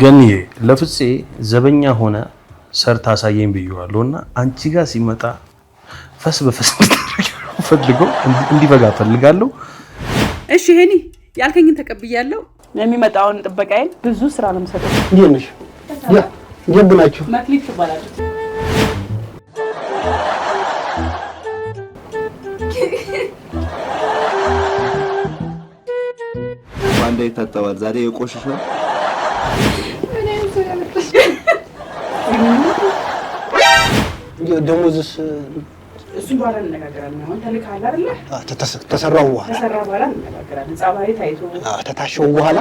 ገንዬ ለፍፄ ዘበኛ ሆነ ሰርታ አሳየኝ ብየዋለሁ እና አንቺ ጋር ሲመጣ ፈስ በፈስ ፈልጎ እንዲበጋ ፈልጋለሁ። እሺ ሄኒ ያልከኝን ተቀብያለሁ። የሚመጣውን ጥበቃዬን ብዙ ስራ ነው የምሰጠው። እንዴት ነሽ? እንዴት ናችሁ? መክሊት ትባላለች። ባንዳ ይታጠባል ዛሬ የቆሸሸ ደሞዝስ? እሱ በኋላ እንነጋገራለን። አሁን ተልካል አይደለ? ተሰራው በኋላ ተሰራው በኋላ እንነጋገራለን። ጸባይ ታይቶ ተታሸው በኋላ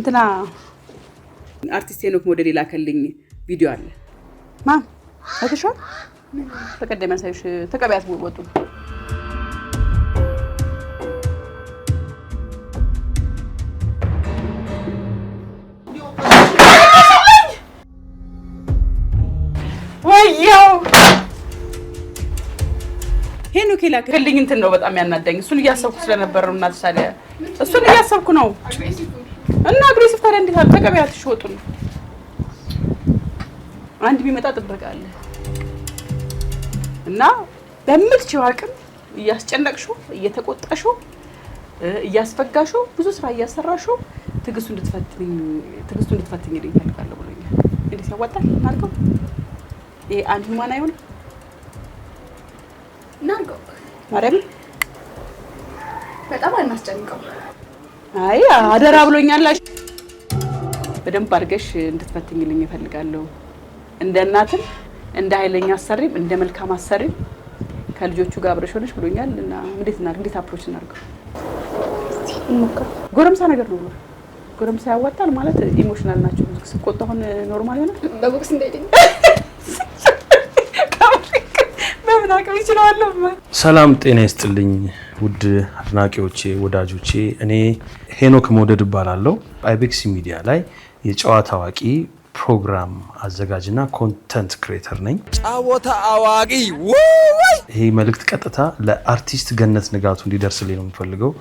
እንትና አርቲስት ሄኖክ ሞዴል የላከልኝ ቪዲዮ አለ። ማም አይተሽዋል? ተቀደም ያሳይሽ። ተቀበያት ወጡ ወያው ሄኖክ የላከልኝ እንትን ነው በጣም ያናደኝ እሱን እያሰብኩ ስለነበረ ነው። እናት እሱን እያሰብኩ ነው እና አግሬሲቭ ታዲያ እንዴት አለ ተቀበያ ትሽወጡ ነው። አንድ ቢመጣ ጥበቃለህ እና በምትችው አቅም እያስጨነቅሽው፣ እየተቆጣሽው፣ እያስፈጋሽው ብዙ ስራ እያሰራሽው ትግስቱ እንድትፈትኝ ትዕግስቱ እንድትፈትኝ ልኝ እፈልጋለሁ ብሎኛል። እንዴት ያዋጣል እናድርገው። ይሄ አንድ ህማን አይሆን እናድርገው። ማርያም በጣም አናስጨንቀው። አይ አደራ ብሎኛላሽ። በደንብ አድርገሽ እንድትፈትኝልኝ እፈልጋለሁ። እንደ እናትም እንደ ኃይለኛ አሰሪም እንደ መልካም አሰሪም ከልጆቹ ጋር አብረሽ ሆነሽ ብሎኛል እና እንዴት እናድርግ? እንዴት አፕሮች እናድርገው? ጎረምሳ ነገር ነው ጎረምሳ ያዋጣል ማለት ኢሞሽናል ናቸው። ብዙ ስቆጣ አሁን ኖርማል ሆነ። በቦክስ እንዳይደኝ በምን አቅም ይችለዋለሁ። ሰላም ጤና ይስጥልኝ ውድ አድናቂዎቼ፣ ወዳጆቼ እኔ ሄኖክ መውደድ እባላለሁ። አይቤክስ ሚዲያ ላይ የጨዋታ አዋቂ ፕሮግራም አዘጋጅና ኮንተንት ክሬተር ነኝ። ጫወታ አዋቂ ይሄ መልእክት ቀጥታ ለአርቲስት ገነት ንጋቱ እንዲደርስልኝ ነው የምፈልገው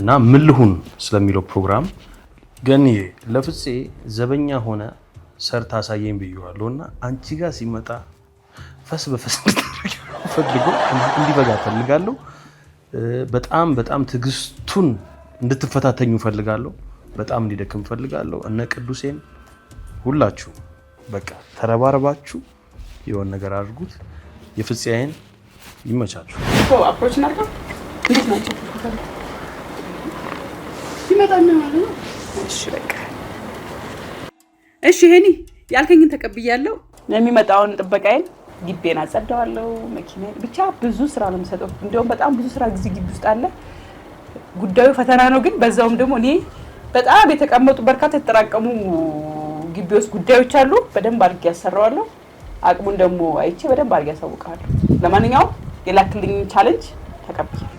እና ምልሁን ስለሚለው ፕሮግራም ገኒ ለፍፄ ዘበኛ ሆነ ሰርታ አሳየኝ ብየዋለሁ እና አንቺ ጋር ሲመጣ ፈስ በፈስ ፈልጎ እንዲበጋ ፈልጋለሁ በጣም በጣም ትዕግስቱን እንድትፈታተኙ ፈልጋለሁ። በጣም እንዲደክም ፈልጋለሁ። እነ ቅዱሴን ሁላችሁ በቃ ተረባርባችሁ የሆን ነገር አድርጉት። የፍጽያይን ይመቻችሁ። እሺ ሄኒ ያልከኝን ተቀብያለሁ። የሚመጣውን ጥበቃዬን ግቤን አጸዳዋለሁ። መኪና ብቻ ብዙ ስራ ነው የምሰጠው። እንዲሁም በጣም ብዙ ስራ ጊዜ ግቢ ውስጥ አለ። ጉዳዩ ፈተና ነው፣ ግን በዛውም ደግሞ እኔ በጣም የተቀመጡ በርካታ የተጠራቀሙ ግቢ ውስጥ ጉዳዮች አሉ። በደንብ አድርጌ ያሰራዋለሁ። አቅሙን ደግሞ አይቼ በደንብ አድርጌ ያሳውቃሉ። ለማንኛውም የላክልኝ ቻለንጅ ተቀብያለሁ።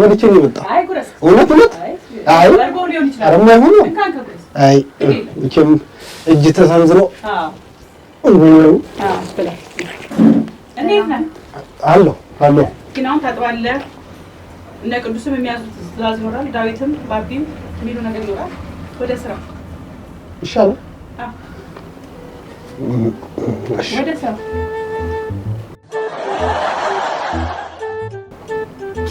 በልቼ ነው የመጣው። እውነት እውነት። አይ ኧረ የማይሆን ነው። አይ መቼም እጅ ተሰንዝሮ አለሁ አለሁ። ግን አሁን ታጥባለህ። እነ ቅዱስም የሚያዙት ትእዛዝ ይኖራል። ዳዊትም ባቢም የሚሉ ነገር ይኖራል። ወደ ስራ ይሻላል። ወደ ስራ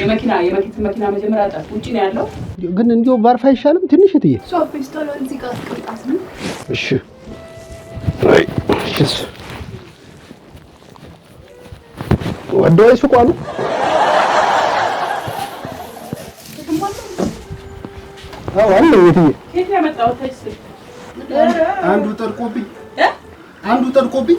የመኪና የመኪት መኪና መጀመሪያ ጠፍ ውጭ ነው ያለው። ግን እንዲሁ ባርፍ አይሻልም? ትንሽ እትዬ እሺ፣ ወደው ይስቋሉ። አዎ አንዱ ጠልቆብኝ አንዱ ጠልቆብኝ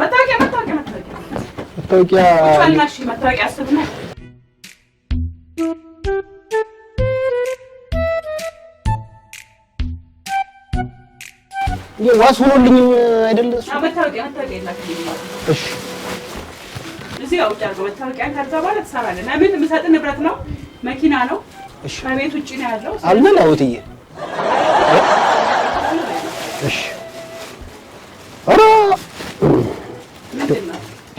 መታወቂያ ዋስ ሆኖልኝ አይደል? እሺ፣ እዚህ መታወቂያ። ከዛ በኋላ ትሰራለህ። ለምን የምሰጥህ ንብረት ነው፣ መኪና ነው፣ ከቤት ውጭ ነው ያለው። እሺ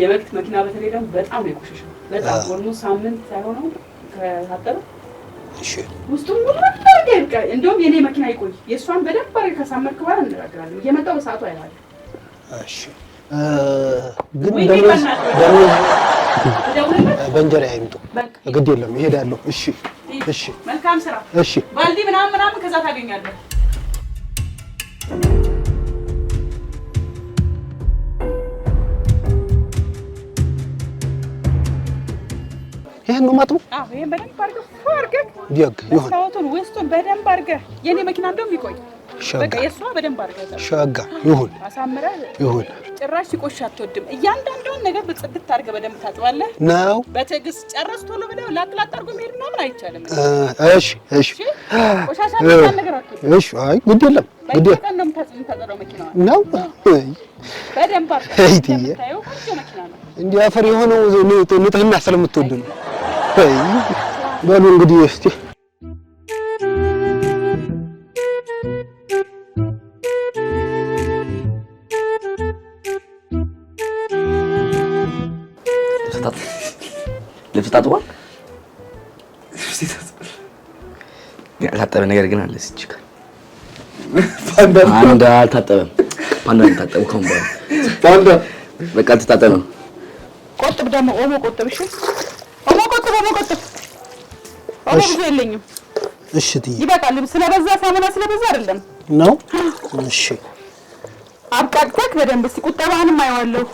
የመልክት መኪና በተለይ ደግሞ በጣም ነው በጣም ወልሞ ሳምንት ሳይሆነው ከታጠበ ውስጡም እንደውም የኔ መኪና ይቆይ የእሷን በደንብ አድርገህ ከሳመርክ በኋላ እንነጋገራለን። እየመጣሁ በሰዓቱ አይላለ ግን በእንጀራ አይምጡ፣ ግድ የለም እሄዳለሁ። እሺ፣ እሺ፣ መልካም ስራ። እሺ፣ ባልዲ ምናምን ምናምን ከዛ ታገኛለህ። ይሄን ነው ማጥቡ። አዎ ይሄን በደንብ አድርገህ ፈርገህ ቢያግ ይሁን ታውቱን ውስጡን በደንብ አድርገህ የኔ መኪና እንደውም ይቆይ በቃ የእሷ በደንብ አድርገህ ሸጋ ይሁን አሳምረህ ይሁን። ጭራሽ ሲቆሽ አትወድም። እያንዳንዱን ነገር በጽድት አድርገህ በደንብ ታጥባለህ ነው። በትዕግስት ጨረስ ቶሎ ብለህ ላጥላጥ አድርጎ መሄድ ምናምን አይቻልም። እሺ እሺ ቆሻሻ ነገር አትወድም። እሺ አይ ግድ የለም ግድ የለም ነው በደንብ አድርገህ እንዲህ አፈር የሆነው ንጽህና ስለምትወድ ነው በሉ እንግዲህ እስቲ ልብስ ታጥቧል። ያልታጠበ ነገር ግን አለ። እዚህ ጋር ፓንዳ አልታጠበም። ፓንዳ አልታጠበም። ካሁን በኋላ በቃ አልተጣጠበም። ቆጥብ ደግሞ ኦሞ ቆጥብ። እሺ እሺ ትይ ይበቃል። ስለበዛ ሳሙና ስለበዛ አይደለም ነው። እሺ አብቃቅተክ በደንብ እስኪ ቁጠባህንም አየዋለሁ።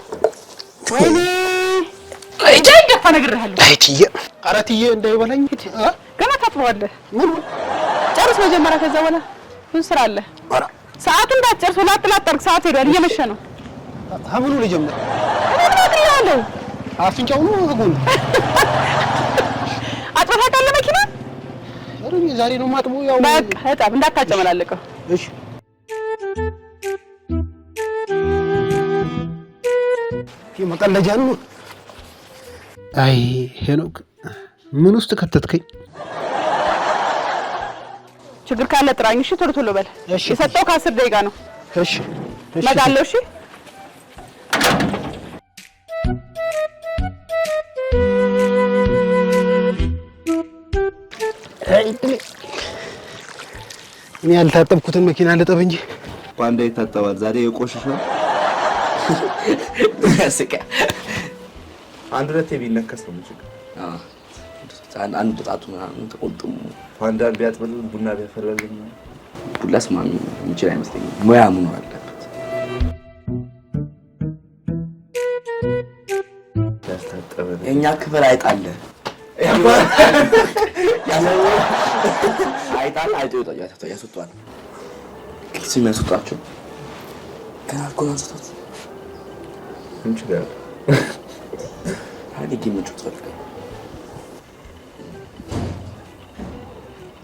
ወይኔ እጄ ይገፋ እነግርሃለሁ። አይ ትዬ፣ ኧረ ትዬ እንዳይበላኝ ገና ታጥበዋለህ። ጨርስ መጀመሪያ፣ ከዛ በኋላ ብዙ ስራ አለ። ሰዓቱ እንዳትጨርስ ላጥ ላጥ አድርግ፣ ሰዓት ሄዷል፣ እየመሸ ነው። ሀብሉ ልጀምር አፍንጫው ነው ህጉ ነው። አጥበታታል መኪና ዛሬ ነው ማጥቦ። ያው በቃ እጠብ እንዳታጨመላለቀው እሺ። መቀለጃ ነው። አይ ሄኖክ ምን ውስጥ ከተትከኝ? ችግር ካለ ጥራኝ። እሺ ቶሎ ቶሎ በል። የሰጠው ከአስር ደቂቃ ነው። እሺ እመጣለሁ። እሺ እኔ ያልታጠብኩትን መኪና ልጠብ እንጂ ኳንዳ ይታጠባል። ዛሬ የቆሸሸ ያስቀ አንድ ሁለት ቢነከስ ነው ምንጭ አንድ ጣቱ ምናምን ተቆልጥሙ ኳንዳን ቢያጥብልን ቡና ቢያፈላልን ቡላስ ማሚ ምችል አይመስለኝም። ሙያ መኖር አለበት። የእኛ ክፍል አይጣለ やばい Aydan Aydo'yu da yasut, yasut var. Kesin Mesut var çok. Genel kullanan Mesut. Hemşire ya. Hadi girme çok zarif.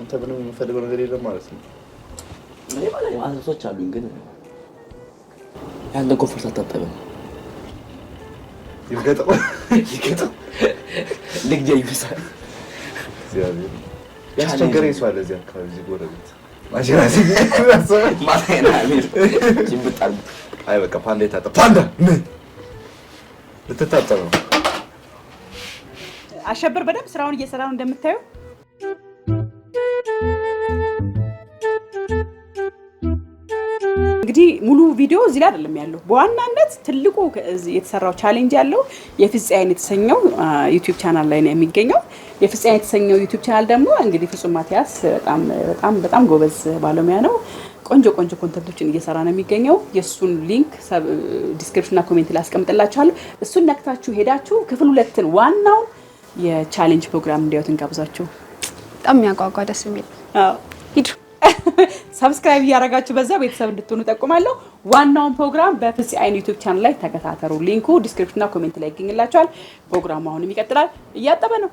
Antalya'nın benim müfeddikonu veriyle mi arasın? Ne var ya? Anasını çağırıyorum gene. Yani de fırsat ይገጠው ይገጠው ልግጃ ይብሳል። እግዚአብሔር ያስቸገረኝ ሰው አለ እዚህ አካባቢ እዚህ ጎረቤት አይ በቃ ፓንዳ የታጠበ ፓንዳ ልትታጠብ ነው። አሸብር በደንብ ስራውን እየሰራ ነው እንደምታየው። እንግዲህ ሙሉ ቪዲዮ እዚህ ላይ አይደለም ያለው በዋናነት ማለት ትልቁ የተሰራው ቻሌንጅ ያለው የፍፄ አይን የተሰኘው ዩቲዩብ ቻናል ላይ ነው የሚገኘው። የፍፄ አይን የተሰኘው ዩቲዩብ ቻናል ደግሞ እንግዲህ ፍጹም ማቲያስ በጣም በጣም በጣም ጎበዝ ባለሙያ ነው። ቆንጆ ቆንጆ ኮንተንቶችን እየሰራ ነው የሚገኘው። የእሱን ሊንክ ዲስክሪፕሽንና ኮሜንት ላይ አስቀምጥላችኋለሁ። እሱን ነክታችሁ ሄዳችሁ ክፍል ሁለትን ዋናውን የቻሌንጅ ፕሮግራም እንዲያዩት እንጋብዛችሁ። በጣም የሚያጓጓ ደስ የሚል ሂዱ። ሰብስክራይብ እያደረጋችሁ በዛ ቤተሰብ እንድትሆኑ ጠቁማለሁ። ዋናውን ፕሮግራም በፍፄ አይን ዩቲዩብ ቻናል ላይ ተከታተሉ። ሊንኩ ዲስክሪፕሽንና ኮሜንት ላይ ይገኝላችኋል። ፕሮግራሙ አሁንም ይቀጥላል። እያጠበ ነው